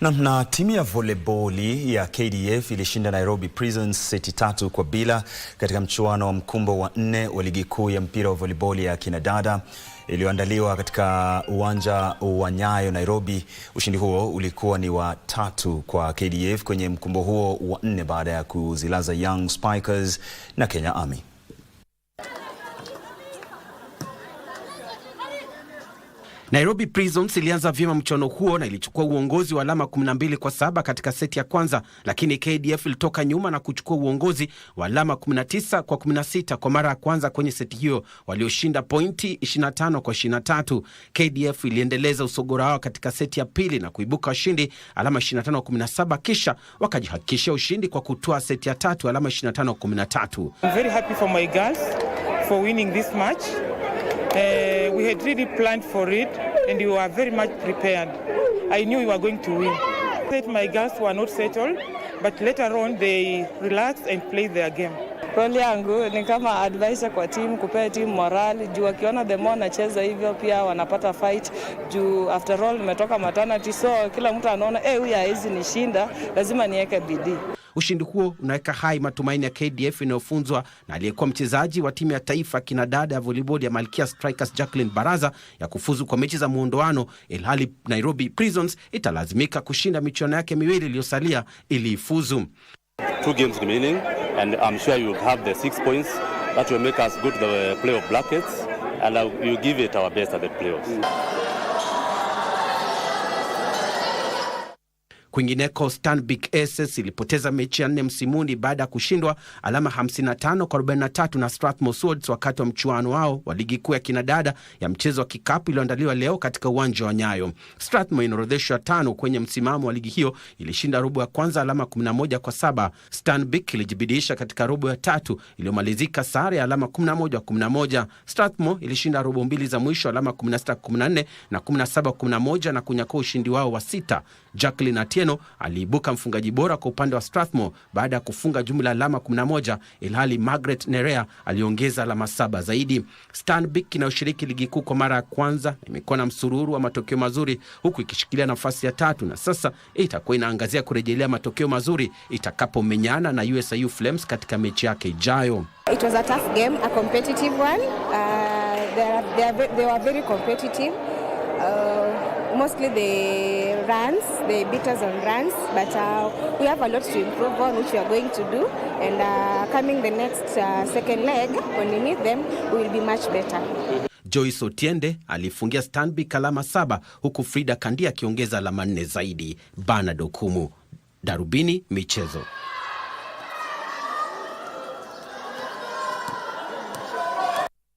na timu ya voleboli ya KDF ilishinda Nairobi Prisons seti tatu kwa bila katika mchuano wa mkumbo wa nne wa ligi kuu ya mpira wa voleboli ya kinadada iliyoandaliwa katika uwanja wa Nyayo Nairobi. Ushindi huo ulikuwa ni wa tatu kwa KDF kwenye mkumbo huo wa nne baada ya kuzilaza Young Spikers na Kenya Army. Nairobi Prisons ilianza vyema mchuano huo na ilichukua uongozi wa alama 12 kwa saba katika seti ya kwanza, lakini KDF ilitoka nyuma na kuchukua uongozi wa alama 19 kwa 16 kwa mara ya kwanza kwenye seti hiyo, walioshinda pointi 25 kwa 23. KDF iliendeleza usogora wao katika seti ya pili na kuibuka washindi alama 25 kwa 17, kisha wakajihakikishia ushindi kwa kutoa seti ya tatu alama 25 kwa 13. Uh, we had really planned for it and we were very much prepared. I knew we were going to win. That my girls were not settled, but later on they relaxed and played their game. Roli yangu ni kama advisor kwa team, kupea team morali juu wakiona the more anacheza hivyo pia wanapata fight juu after all nimetoka maternity so kila mtu anaona eh, huyu hawezi nishinda, lazima niweke bidii. Ushindi huo unaweka hai matumaini ya KDF inayofunzwa na aliyekuwa mchezaji wa timu ya taifa kinadada ya volleyball ya Malkia Strikers Jacqueline Baraza ya kufuzu kwa mechi za muondoano, ilhali Nairobi Prisons italazimika kushinda michuano yake miwili iliyosalia ili ifuzu. Kwingineko, Stanbic SS ilipoteza mechi ya nne msimuni baada ya kushindwa alama 55 kwa 43 na Strathmore Swords wakati wa mchuano wao wa ligi kuu ya kinadada ya mchezo wa kikapu iliyoandaliwa leo katika uwanja wa Nyayo. Strathmore inaorodheshwa tano kwenye msimamo wa ligi hiyo, ilishinda robo ya kwanza alama 11 kwa saba. Stanbic ilijibidiisha katika robo ya tatu iliyomalizika sare ya alama 11 11. Strathmore ilishinda robo mbili za mwisho alama 16 14 na 17 11 na kunyakua ushindi wao wa sita. Jacqueline Atien Otieno aliibuka mfungaji bora kwa upande wa Strathmore baada ya kufunga jumla alama 11 ilhali Margaret Nerea aliongeza alama saba zaidi. Stanbic inayoshiriki ligi kuu kwa mara ya kwanza imekuwa na msururu wa matokeo mazuri huku ikishikilia nafasi ya tatu na sasa itakuwa inaangazia kurejelea matokeo mazuri itakapomenyana na USIU Flames katika mechi yake ijayo. It was a tough game, a competitive one. Uh, they are, they are, they were very competitive. Uh, mostly the runs, the beaters on runs, but uh, we have a lot to improve on, which we are going to do. And uh, coming the next uh, second leg, when we meet them, we will be much better. Joyce Otiende alifungia Stanbic kalama saba huku Frida Kandia akiongeza alama nne zaidi. Bernard Okumu, Darubini Michezo.